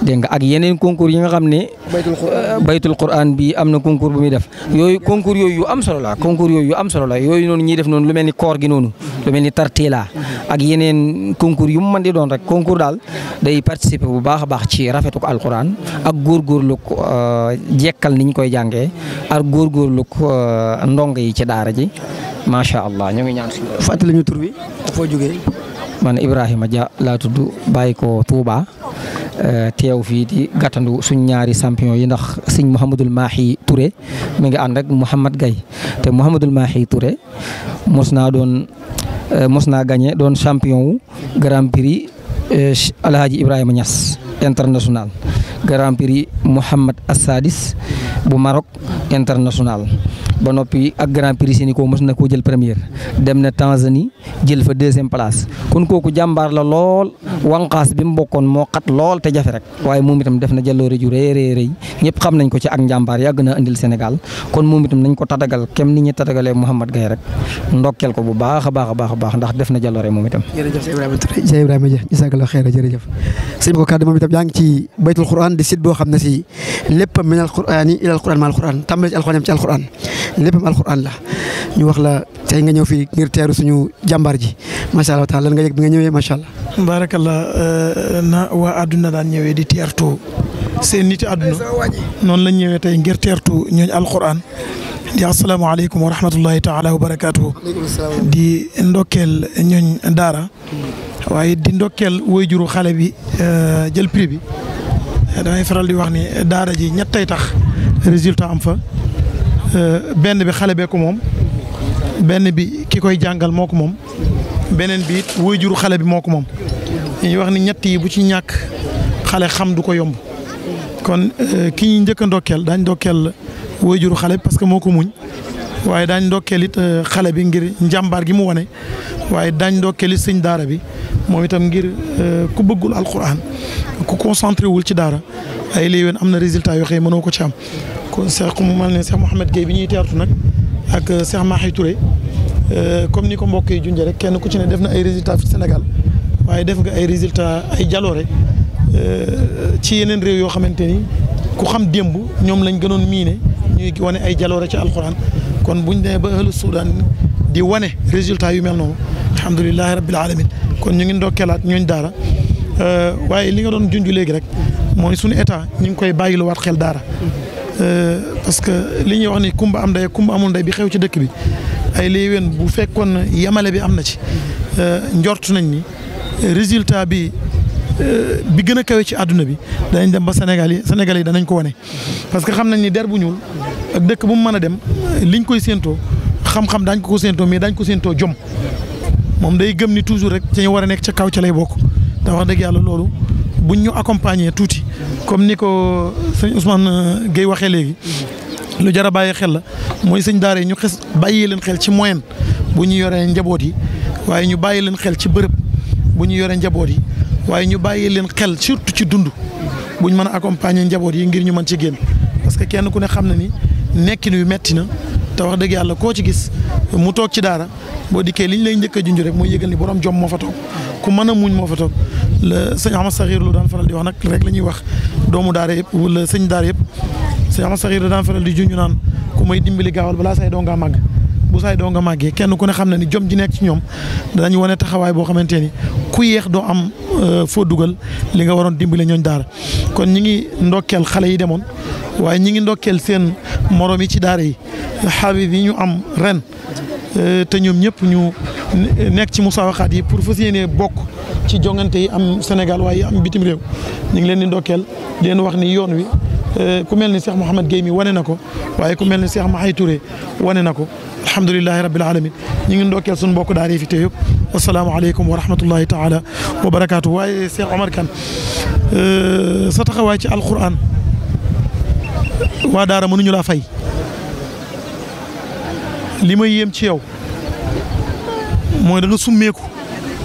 dégg nga ak yeneen concours yi nga xam ne. Euh, baytul quran bi am na concours bu muy def. yooyu concours yooyu am solo la yooyu yu am solo yooyu noonu ñuy def noonu lu mel ni koor gi noonu. lu mel ni tartila ak yeneen concours yu mu mën di doon rek concours daal day participer bu baax a baax ci rafetuk alquran ak góorgóorlu euh, jekkal niñ koy jàngee ak góorgóorlu euh, ndong yi ci daara ji macha allah ñu ngi ñaan suñu. fàttali ñu tur bi foo jógee. man Ibrahima Dia laa tudd bàyyi ko Touba. Eh, teew fii di suñ ñaari champion yi ndax sëñ Mouhamadul Mahi Touré mi ngi ànd ak Mouhamad Gaye te Mouhamadul Mahi Touré mos naa doon eh, mos naa gagné doon champion wu Grand Prix Alhaji eh, Ibrahima Niass international Grand Prix Mouhamad Assadis bu Maroc international ba noppi ak grand prix Sénico mës na koo jël première dem na Tanzanie jël fa deuxième place kon kooku jàmbaar la lool wànqaas bi mu bokkoon moo xat lool te jafe rek waaye moom itam def na jaloore ju rëy xam nañ ko ci ak njàmbaar yàgg na indil Sénégal kon moom itam nañ ko tatagal kem ni ñu tatagalee Mouhamed Gaye rek ndokkeel ko bu baax a baax a baax a baax ndax def na jaloore moom itam. jërëjëf Cheikh Ibrahima jërëjëf sëñ bi ko kàddu moom itam yaa ngi ci baytul Quran di site boo xam ne si lépp am Qurani ilal Quran mal ci alxuraan ci alxuraan léppam alxuraan la ñu wax la tey nga ñëw fii ngir teeru suñu jàmbaar ji macha allah taala nga yëg bi nga ñëwee macha allah. baarakallah euh, na waa àdduna daan ñëwee di teertu seen niti àdduna noonu lañ ñëwee tey ngir teertu ñooñ alxuraan di asalaamaaleykum wa rahmatullahi taala wa barakaatu di ndokkeel ñooñ daara di ndokkeel woyjuru xale bi euh, jël prix bi damay faral di wax ni daara ji ñettay tax résultat am fa Euh, benn bi xale bee ko moom benn bi ki koy jàngal moo ko moom beneen bi it waajuru xale bi moo ko moom dañuy wax ni ñett yi bu ci ñàkk xale xam du ko yomb kon euh, ki ñuy njëkk a ndokkeel daañ ndokkeel waajuru xale bi parce que moo ko muñ waaye daañ ndokkeel it euh, xale bi ngir njàmbaar gi mu wane waaye daañ ndokkeel sëñ daara bi moom itam ngir ku bëggul alquran ku concentré wul ci daara ay léeg-léeg am na résultat yoo xam mënoo ko ci am ko seex ku mu ne seex Mouhamed Gueye bi ñuy teertu nag ak seex Mahi Touré euh, comme ni ko mbokk yi rek kenn ku ci ne def na ay résultats fi Sénégal waaye def nga ay résultat ay jaloore euh, ci yeneen réew yoo xamante ni ku xam démb ñoom lañ gënoon miine ñuy wane ay jaloore ci alxuraan kon buñ demee ba ëllëg Soudan di wane yu mel noonu alhamdulilahi rabbil alamin kon ñu ngi ndokkeelaat ñooñ daara euh, waaye li nga doon junj léegi rek mooy suñu état ñu ngi koy bàyyiluwaat xel daara Euh, parce que li ñuy wax ni kumba am ndey kumba amul ndey bi xew ci dëkk bi ay léewén bu fekkoon yamale bi am na ci euh, njort nañ ni résultat bi euh, bi gën a kawe ci àdduna bi dañ dem ba Sénégal yi Sénégal yi danañ ko wane. parce que xam nañ ni der bu ñuul ak dëkk bu mu mën a dem li liñ koy séentoo xam-xam daañ ko ko séentoo mais daañ ko séentoo jom moom day gëm ni toujours rek ca ñu war a nekk ca kaw ca lay bokk te wax dëgg yàlla loolu. buñ ñu accompagner tuuti comme ni ko sëñ Ousmane euh, Gueye waxee léegi lu jar bàyyi xel la mooy sëñ daara yi ñu xes bàyyi leen xel ci moyen bu ñu yoree njaboot yi waaye ñu bàyyi leen xel ci bërëb bu ñu yore njaboot yi waaye ñu bàyyi leen xel surtout ci dund buñ mën a accompagner njaboot yi ngir ñu mën ci génn parce que kenn ku ne xam na ni nekkin yu metti na te wax dëgg yàlla koo ci gis mu toog ci daara boo dikkee li liñ lay njëkk a junj rek mooy yëgal ni borom jom moo fa toog ku mën a muñ moo fa toog la sëñ Ahmad Saxiir lu daan faral di wax nag rek la ñuy wax doomu daara yëpp wala sëñ daara yëpp sëñ Ahmad Saxiir la daan faral di junj naan ku may dimbali gaawal balaa say doo nga màgg bu say doo nga màggee kenn ku ne xam na ni jom ji nekk ci ñoom danañu wane taxawaay boo xamante ni ku yéex doo am euh, foo dugal li nga waroon dimbali ñooñ daara kon ñi ngi ndokkeel xale yi demoon waaye ñi ngi ndokkeel seen morom yi ci daara yi xabib yi ñu am ren te ñom ñëpp ñu nekk ci musawaxat yi pour fassiyene bok ci jongante yi am Sénégal way am bitim réew ñi ngi leen di ndokkel di leen wax ni yoon wi ku melni Cheikh mohammed Gueye wane nako waye ku melni Cheikh Mahay Touré wane nako ko alhamdulilahi rabbil alamin ñu ngi ndokkeel suñu mbokk daara yi fi te yëpp asalaamaaleykum wa rahmatullahi taala wa barakaatu waaye Cheikh Omar Kane sa taxawaay ci alquran waa daara mënuñu laa fay li ma yéem ci yow mooy da nga summeeku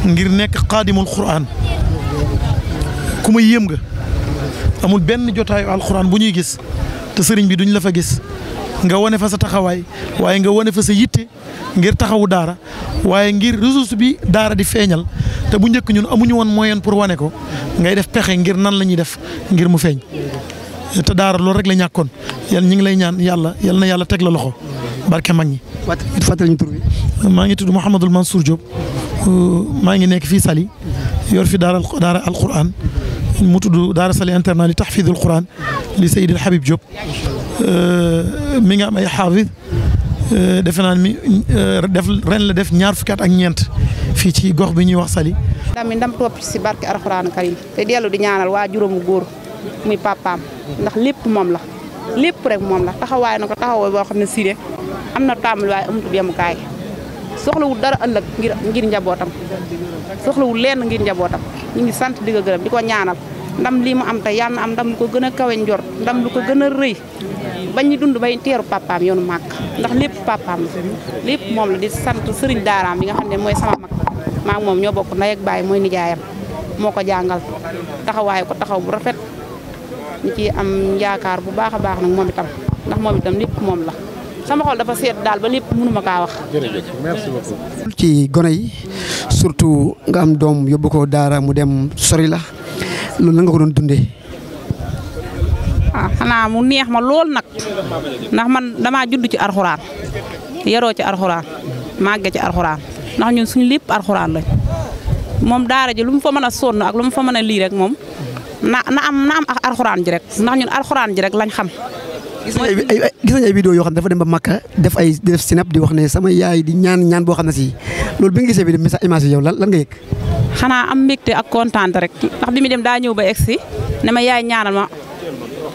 ngir nekk xaadimul quraan ku ma yéem nga amul benn jotaayu alquran bu ñuy gis te sëriñ bi duñ la fa gis nga wane fa sa taxawaay waaye nga wone fa sa yitte ngir taxawu daara waaye ngir ressource bi daara di feeñal te bu njëkk ñun amuñu woon moyen pour wane ko ngay def pexe ngir nan la ñuy def ngir mu feeñ te daara loolu rek la ñàkkoon yal ñu ngi lay ñaan yàlla yal na yàlla teg la loxo. barke mag ñi. it fàttali ñu tur bi. maa ngi tudd Mouhamadul Mansour Diop maa ngi nekk fii Saly yor fi daara daara alquran mu tudd daara Saly internat li tahfidul quran li Seydil Habib Diop mi nga am ay xaafis mi def ren la def ñaar fukat ak ñent fi ci gox bi ñuy wax sali ndam mi ndam top ci barke alquran karim te delu di ñaanal wa juróomu góor muy papam ndax lépp mom la lépp rek mom la taxaway nako taxaway bo xamne sire am na taamul waaye amutul yemukaay soxlawul dara ëllëg ngir njabootam soxlawul leen ngir njabootam ñu ngi sant di ko gërëm di ko ñaanal ndam lii mu am tey yàlla am ndam lu gën a kawe njor ndam lu ko gën a rëy ba ñu dund bay teeru papaam yoonu màkk ndax lépp papaam la lépp moom la di sant sëriñ daaraam bi nga xam ne mooy sama mag maa moom ñoo bokk ndey ak baay mooy nijaayam moo ko jàngal taxawaayu ko taxaw bu rafet ñu ci am yaakaar bu baax a baax nag moom itam ndax moom itam lépp moom la sama xol dafa seet daal ba lépp mënu ma kaa wax. jërëjëf ci gone yi surtout nga am doom yóbbu ko daara mu dem sori la loolu la nga ko doon dundee. ah xanaa mu neex ma lool nag ndax man damaa judd ci arxuraan yaroo ci arxuraan màgge ci arxuraan ndax ñun suñu lépp arxuraan lañ moom daara ji lu mu fa mën a sonn ak lu mu fa mën a lii rek moom na na am na am ak arxuraan ji rek ndax ñun arxuraan ji rek lañ xam. gis nañ ay gis yoo xam ne dafa dem ba Makka def ay def sinap di wax ne sama yaay di ñaan ñaan boo xam ne si loolu bi nga gisee bi dem message image yi yow lan lan nga yëg. xanaa am mbégte ak kontaan rek ndax bi mu dem daa ñëw ba egg si ne ma yaay ñaanal ma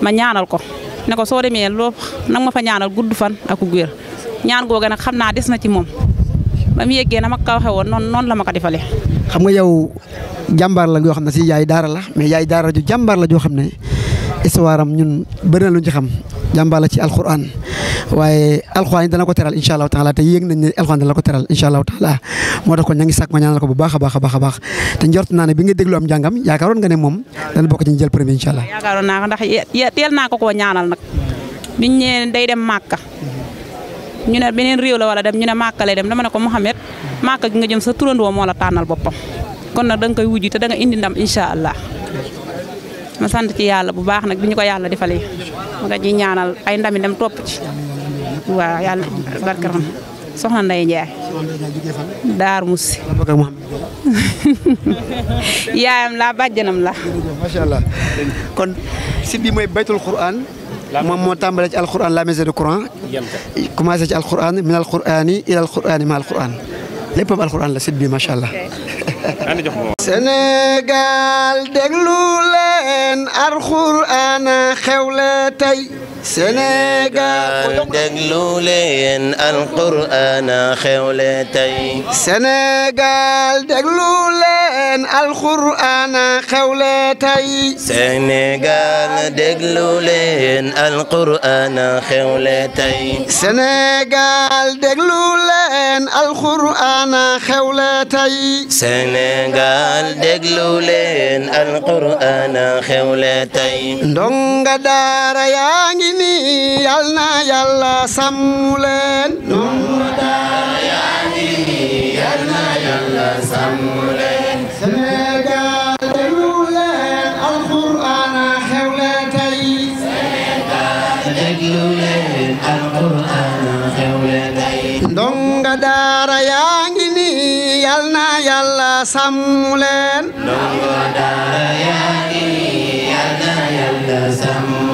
ma ñaanal ko ne ko soo demee loo nag ma fa ñaanal gudd fan ak wér ñaan googu nag xam naa des na ci moom ba mu yeggee na ma ko waxee woon noonu noonu la ma ko defalee. xam nga yow jàmbaar la yoo xam ne si yaay daara la mais yaay daara ju jàmbaar la joo xam ne histoire am ñun bëri na lu jambala ci alquran waye alquran dana ko teral inshallah taala te yéeg nañ ni alquran dana ko teral inshallah taala moo tax kon ña ngi ma ñaanal ko bu baaxa baaxa baaxa baax te njort naane bi nga déglu am jangam yaakaaron nga ne mom dana bokk ci ñu jël premier inshallah allah. na ndax yel na ko ko ñaanal nak biñ ñe day dem makka ñu ne benen riiw la wala dem ñu ne makka lay dem dama ne ko Mouhamed makka gi nga jëm sa turandoo mo la tanal bopam kon nak da nga koy wujju te da nga indi ndam inshallah ma sant ci yàlla bu baax nag bi ñu ko yàlla defalee ma nga ji ñaanal ay ndami dem topp ci waaw yàlla barkaram soxna Ndeye Ndiaye daar musi yaayam la bàjjanam la macha allah kon si bi mooy baytul quran moom moo tàmbalee ci alquran la maison du Coran commencé ci alquran min alqurani ila alqurani ma alquran léppam alxuraan la sët bi macha allah. Sénégal déglu leen alxuraan xew la tey. سنغال دجلولين القرآن خولتي سنغال دجلولين القرآن خولتي سنغال دجلولين القرآن خولتي سنغال دجلولين القرآن خولتي سنجا دجلولين القرآن خولتي دونجا دار يعني nii yal na yàlla sàmm leen. Ndongo daara yaa ngi nii yal na yàlla sàmm leen. Sénégal déglu leen alquran xew leen tey. Sénégal déglu leen alquran xew leen tey. Ndongo daara yaa ngi nii yal na yàlla sàmm leen. Ndongo daara yaa ngi nii yal na yàlla sàmm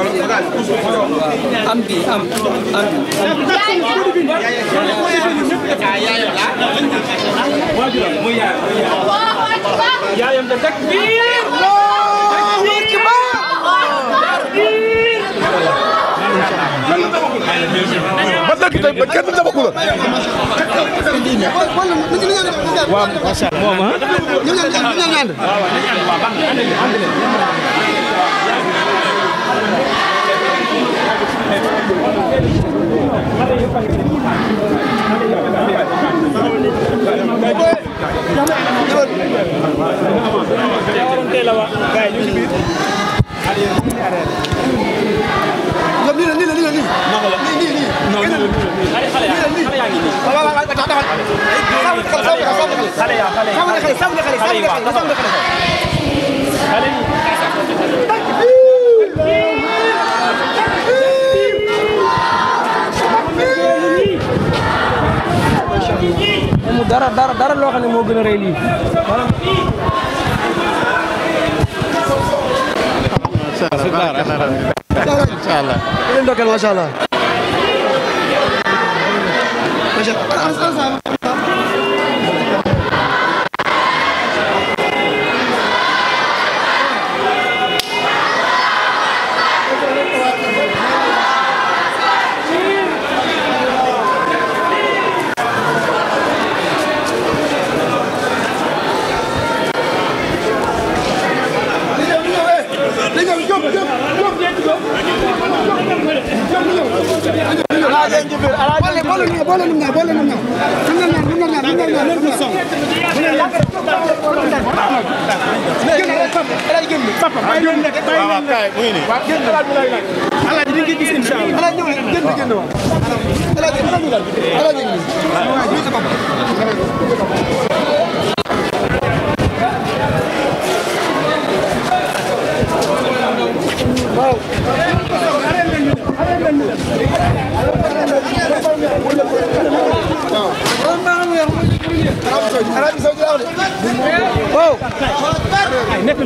am bi am am yaayam da takbir Allahu akbar ba dëkk tey ba kenn tabaxu la waaw macha Allah moom ah ñu ñaan ñu ñaan Allez, dara dara dara loo xam ne moo gën a rëy lii incha allah leen dokkeel macha allah mu ngi nii. waaw génn xalaat bi laay laaj. alaaji di nga gis incha allah. alaaji ñëw leen génn génn waaw. alaaji alaaji laaj alaaji ngi nii.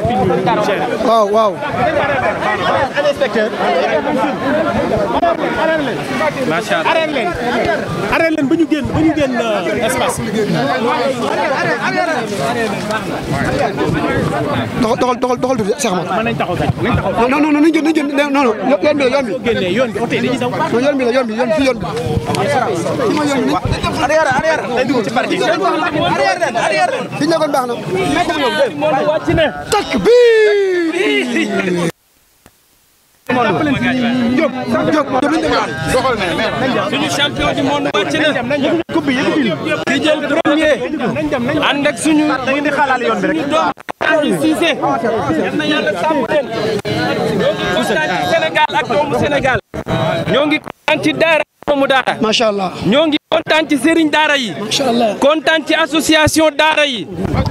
Oh, wow! wow. Allez, arène leen macha allah arène leen arène leen ba ñu génn ba ñu génn euh, espace doxal doxal doxal tuuti Cheikh Amar mën nañ taxaw kay nañ taxaw non non non nañ jël nañ jël non non yoon bi la yoon bi yoon bi oté dañuy daw yoon bi la yoon bi yoon fi yoon bi ci ma yoon bi arrière arrière dañ dugg ci parti arrière leen takbir Diop Diop doxal suñu champion du monde wàcc na coupe bi jël premier ànd ak suñu da ngeen di suñu doom Aliou Cissé ñoo ngi kontaan ci Sénégal ak doomu Sénégal ñoo ngi kontaan ci daara doomu yi macha kontaan ci association daara yi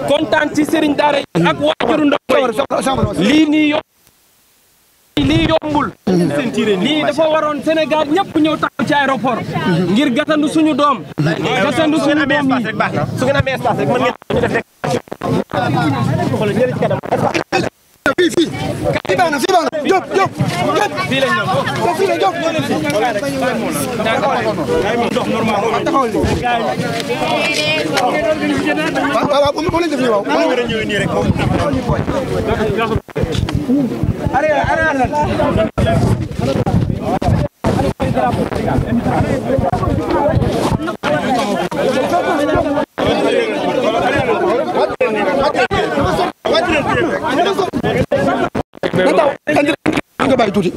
kontaan ci sëriñ daara ak waajuru ndox lii nii lii yombul lii dafa waroon Sénégal ñëpp ñëw taxaw ci aéroport ngir gasandu suñu doom gasandu suñu doom yi fii fii fii baax na fii baax na Diop Diop Diop fii la Diop fii tuuti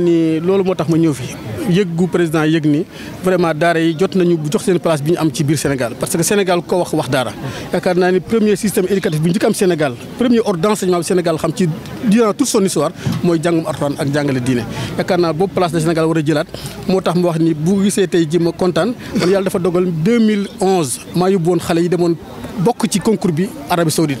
ni loolu moo ma fi président yëg ni vraiment daara yi jot nañu jox seen place bi ñu am ci biir Sénégal parce que Sénégal ko wax wax daara yaakaar ni premier système éducatif bi njëkk am Sénégal premier ordre d'enseignement Sénégal xam ci durant toute son histoire moy jangum alxuraan ak jangale diiné yakarna naa place de Sénégal wara jëlat motax mu wax ni bu gisee tay ji ma contane man yàlla dafa dogal 2011 maa yóbbu xalé yi demoon bokk ci concours bi Arabie Saoudite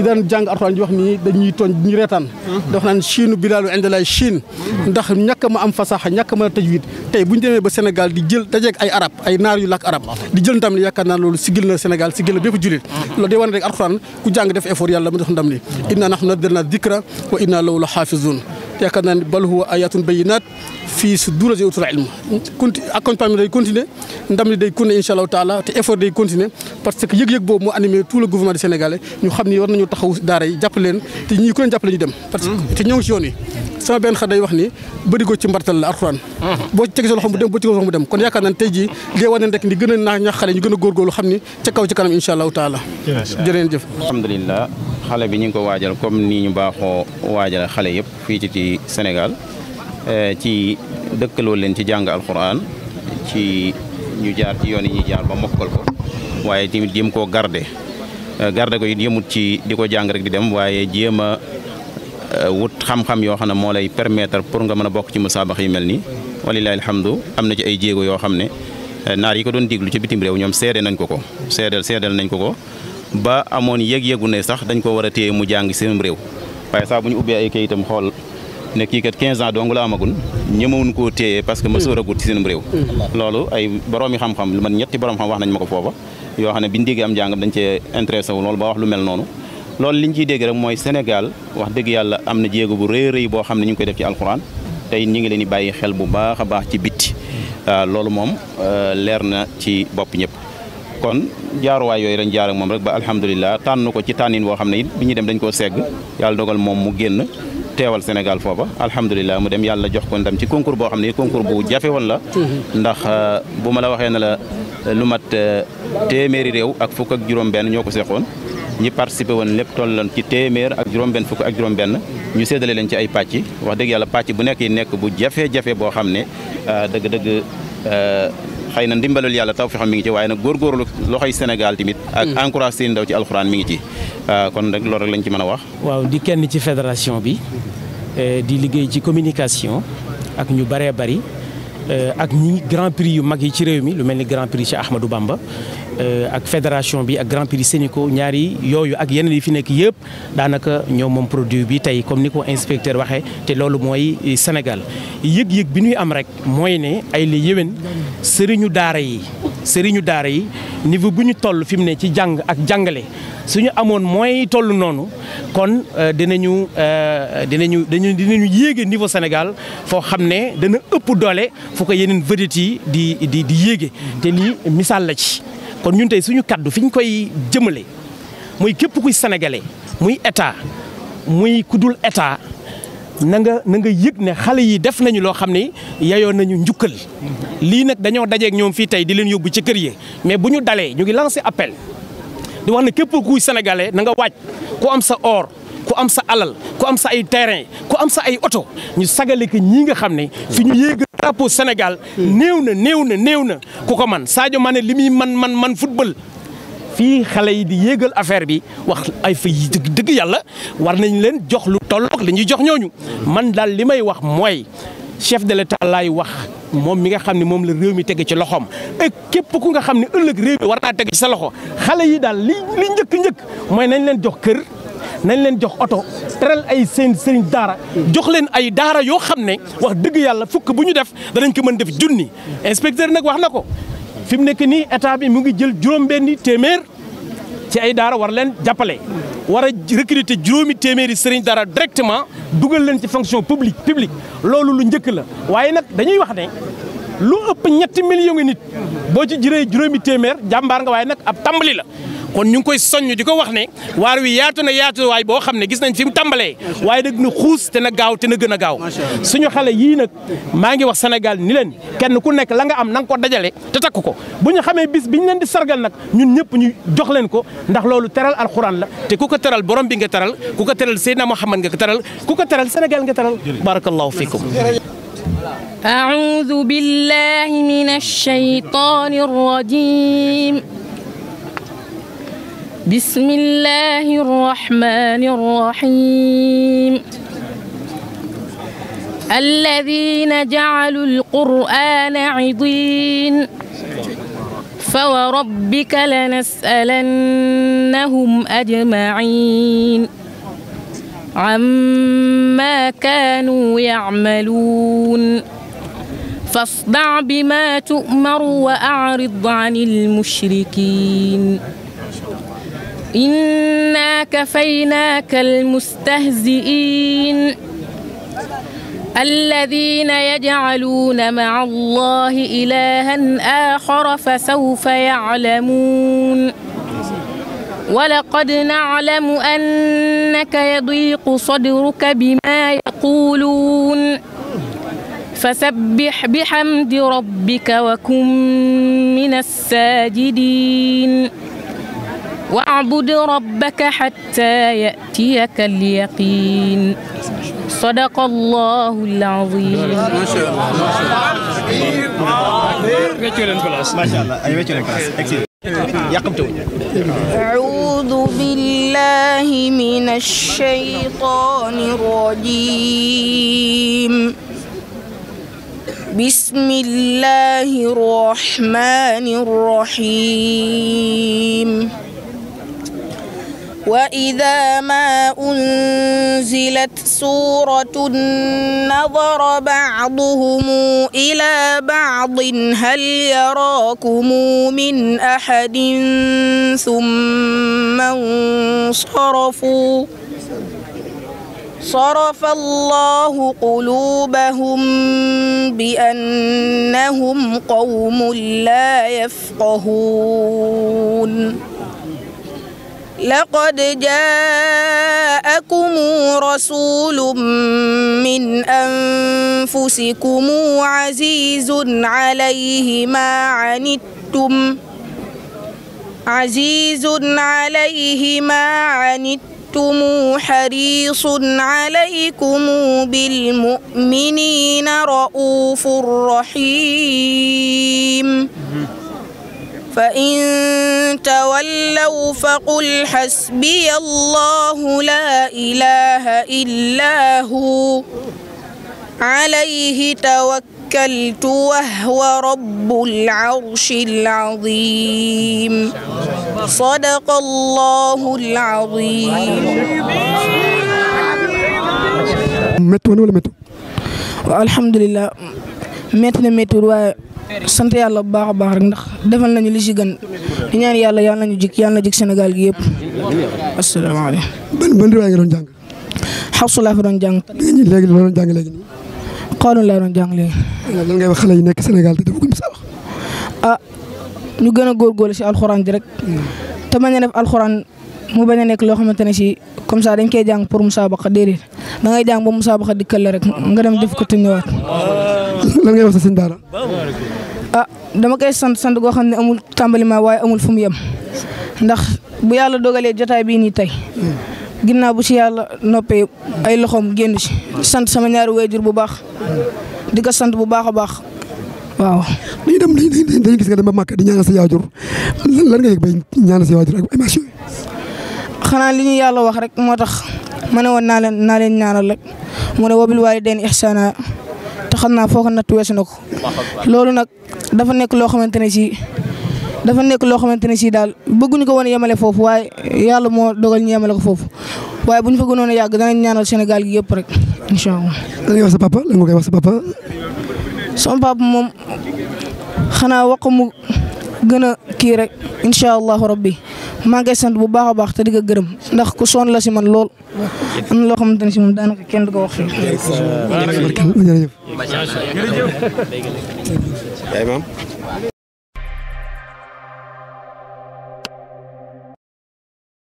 ki daan jàng alxuraan ji wax ni dañuy tooñ ñu reetaan dafa ndax ñàkk ma am fasaxa ñàkk ma tajwid tey bu ñu demee ba Sénégal di jël dajeeg ay arab ay naar yu làkk arab di jël ndam li yaakaar naa loolu sigil na Sénégal sigil na bépp jullit loolu day wane rek alxuraan ku jàng def effort yàlla mu jox ndam li inna nahnu nazzalna dikra wa inna lahu la xaafizuun yaakaar naa ni bal huwa ayatun bayinat fii su duula si utul ilm conti accompagnement day continuer ndam li day continuer incha allahu taala te effort day continuer parce que yëg-yëg boobu moo animé tu le gouvernement du Sénégalais ñu xam ni war nañu taxaw daara yi leen te ñii ku leen jàppale ñu dem. parce que te ñoo ngi ci sama benn xar day wax ni bëri ko ci mbartal la alxuraan. boo ci tege sa loxo mu dem boo ci dem kon yaakaar naa tey jii liy wane rek ni a naax ñax xale ñu gën a góorgóorlu xam ni ca kaw ci allahu taala. jërëjëf alhamdulilah xale bi ñu ngi ko waajal comme ni ñu baaxoo waajal xale yëpp fii ci Sénégal Eh, ci dëkkaloo leen ci jàng alquran ci ñu jaar ci yoon yi ñuy jaar ba mokkal ko waaye tamit jéem koo garde eh, garde ko it ci di ko jàng rek di dem waaye jéem a eh, wut xam-xam yoo xam ne moo lay permettre pour nga mën a bokk ci musaabax yi mel nii walilahi alhamdu am na ci ay jéego yoo xam ne naar yi ko doon diglu ci bitim réew ñoom seede nañ ko ko seedeel seedeel nañ ko ko ba amoon yëg-yëgu ne sax dañ ko war a téye mu jàng seen réew waaye saa ñu ubbee ay kayitam xool ne kii kat 15 ans dong la amagun ñemewuñ koo téye parce que mësoo ragut ci seenum réew mm-hmm. loolu ay boroomi xam-xam lu man ñetti borom xam wax nañ ma ko foofa yoo xam ne biñ déggee am njàngam dañ cee intéressé wu loolu ba wax lu mel noonu loolu liñ ciy dégg rek mooy Sénégal wax dëgg yàlla am na jéego bu rëy rëy boo xam ne ñu ngi koy def ci alxuraan tey ñu ngi leen di bàyyi xel bu baax a baax ci bitti mm-hmm. euh, loolu moom euh, leer na ci bopp ñëpp kon jaaruwaay yooyu dañ jaar ak moom rek ba alhamdulilah tànn ko ci tànnin boo xam ne it bi ñuy dem dañ koo segg yàlla dogal moom mu génn teewal Sénégal foofa alhamdulilah mu dem yàlla jox ko ndam ci concours boo xam ne concours bu jafe woon la. ndax bu ma la waxee na la lu mat euh, téeméeri réew ak fukk ak juróom-benn ñoo ko seqoon ñi participé woon lépp tolloon ci téeméer ak juróom-benn fukk ak juróom-benn ñu séddale leen ci ay pàcc wax dëgg yàlla pàcc bu nekk yi nekk bu jafe-jafe boo xam ne euh, dëgg-dëgg. Euh, xay na ndimbalul yàlla taw fexam mi ngi ci waaye nag góorgóorlu loxoy Sénégal tamit ak mm. encourage seen ndaw ci alxuraan mi ngi ci euh, kon rek loolu rek lañ ci mën a wax waaw di kenn ci fédération bi eh, di liggéey ci communication ak ñu bëree bëri Euh, ak ñi grand prix yu mag yi ci réew mi lu mel ni grand prix Cheikh Ahmadou Bamba euh, ak fédération bi ak grand prix Sénico ñaari yooyu ak yeneen yi fi nekk yëpp daanaka ñoo moom produit bi tey comme ni ko inspecteur waxee te loolu mooy Sénégal yëg-yëg bi ñuy am rek mooy ne ay la yéwén sëriñu daara yi. sëriñu daara yi niveau gu ñu toll fi mu ne ci jàng ak jàngale suñu amoon mooy yi toll noonu kon euh, dinañu euh, dinañu dañu dinañu yéege niveau Sénégal foo xam ne dana ëpp doole fu ko yeneen vedettes yi di di di yéege te lii misaal la ci kon ñun tey suñu kaddu fi ñu koy jëmale mooy képp kuy sénégalais muy état muy ku dul état na nga na nga yëg ne xale yi def nañu loo xam ne yayoon nañu njukkal lii nag dañoo dajeek ñoom fii tey di leen yóbbu ci kër yi mais bu ñu dalee ñu ngi lancé appel di wax ne képp kuy sénégalais na nga waaj ku am sa or ku am sa alal ku am sa ay terrain ku am sa ay oto ñu sagale que ñii nga xam ne fi ñu yéeg drapeau Sénégal néew na néew na néew na ku ko man Sadio Mané ne limi man man man football fii xale yi di yéegal affaire bi wax ay fa yi dëgg dëgg yàlla war nañ leen jox lu tolloog li ñuy jox ñooñu man daal li may wax mooy chef de l'état laay wax moom mi nga xam ne moom la réew mi tege ci loxoom ak képp ku nga xam ne ëllëg réew mi war naa teg ci sa loxo xale yi daal li li njëkk njëkk mooy nañ leen jox kër nañ leen jox oto teral ay seen sëriñ daara jox leen ay daara yoo xam ne wax dëgg yàlla fukk bu ñu def danañ ko mën def junni inspecteur nag wax na ko fi mu nekk nii état bi mu ngi jël juróom-benni téeméer ci ay daara war leen jàppale. war a recruter juróomi téeméeri sëriñ daara directement dugal leen ci fonction publique publique loolu lu njëkk la waaye nag dañuy wax ne lu ëpp ñetti millions nit boo ci jëree juróomi téeméer jàmbaar nga waaye nag ab tambali la. kon ñu ngi koy soññ diko wax ne waar wi yaatu na yaatu way bo xamne gis nañ fi mu tambalé waaye deug ñu xuus te na gaaw te na gëna gaaw suñu xale yi nak ma ngi wax Sénégal ni leen kenn ku nekk la nga am nang ko dajale te takku ko bu ñu xamee bis biñu ñu leen di sargal nak ñun ñëpp ñu jox leen ko ndax loolu teral alxuraan la te ku ko teral borom bi nga teral ku ko teral sayyidna Muhammad nga ko teral ku ko teral Sénégal nga teral barakallahu fikum أعوذ بالله من الشيطان الرجيم بسم الله الرحمن الرحيم الذين جعلوا القرآن عضين فوربك لنسألنهم أجمعين عما كانوا يعملون فاصدع بما تؤمر وأعرض عن المشركين إنا كفيناك المستهزئين الذين يجعلون مع الله إلها آخر فسوف يعلمون ولقد نعلم أنك يضيق صدرك بما يقولون فسبح بحمد ربك وكن من الساجدين واعبد ربك حتى يأتيك اليقين صدق الله العظيم ما شاء الله ما شاء الله أعوذ بالله من الشيطان الرجيم بسم الله الرحمن الرحيم وإذا ما أنزلت سورة نظر بعضهم إلى بعض هل يراكم من أحد ثم انصرفوا صرف الله قلوبهم بأنهم قوم لا يفقهون لقد جاءكم رسول من أنفسكم عزيز عليه ما عنتم عزيز عليه ما عنتم حريص عليكم بالمؤمنين رؤوف رحيم فإن تولوا فقل حسبي الله لا إله إلا هو عليه توكلت وهو رب العرش العظيم صدق الله العظيم مت ولا مت الحمد لله metti na méttiwul waaye sant yàlla bu baakha baax rek ndax defal nañu li ci gën di ñaan yalla yalla nañu jik yalla jik senegal gi yëpp asalaamaaleykum. ban ben riwaay nga doon jang xawsu la fa doon jang ñi li la doon jang léegi. xooloon la doon jang léegi. lan ngay wax xalé yi nek senegal te defu ko sa wax. ah ñu gëna gor góorgóorlu ci alcorane direct te ma a alcorane mu bañ nek lo xamantene ci comme ça dañ koy jang pour musabaqa déedéet da ngay jang ba musabaqa dikkel rek nga dem def ko te ñëwaat. lan ngay wax sa sëñ daara ah dama koy sant sant goo xam ne amul tàmbalima waaye amul fu mu yem ndax bu yàlla dogalee jotaay bii nii tey ginnaaw bu si yàlla noppee ay loxoom génn si sant sama ñaari waajur bu baax di ko sant bu baax a baax waaw. dañuy dem dañuy gis nga dem ba Màkka di ñaanal sa waajur lan nga yëg bay ñaanal sa waajur ak émission yi. xanaa li ñu yàlla wax rek moo tax ma ne woon naa leen naa leen ñaanal rek mu ne wabil waalidayni ihsaana te xam naa foo ko natt weesu na ko loolu nag dafa nekk loo xamante ne si dafa nekk loo xamante ne si daal bëgguñu ko woon yemale foofu waaye yàlla moo dogal ñu yemale ko foofu waaye bu ñu fa gënoon a yàgg danañ ñaanal Sénégal gi yëpp rek incha allah. lan nga wax sa papa lan koy wax sa papa. sama papa moom xanaa wax mu gën a kii rek incha allahu rabbi maa ngi sant bu baax a baax te di ko gërëm ndax ku sonn la si man lool am na loo xamante ne si moom daanaka kenn du ko wax fii. jërëjëf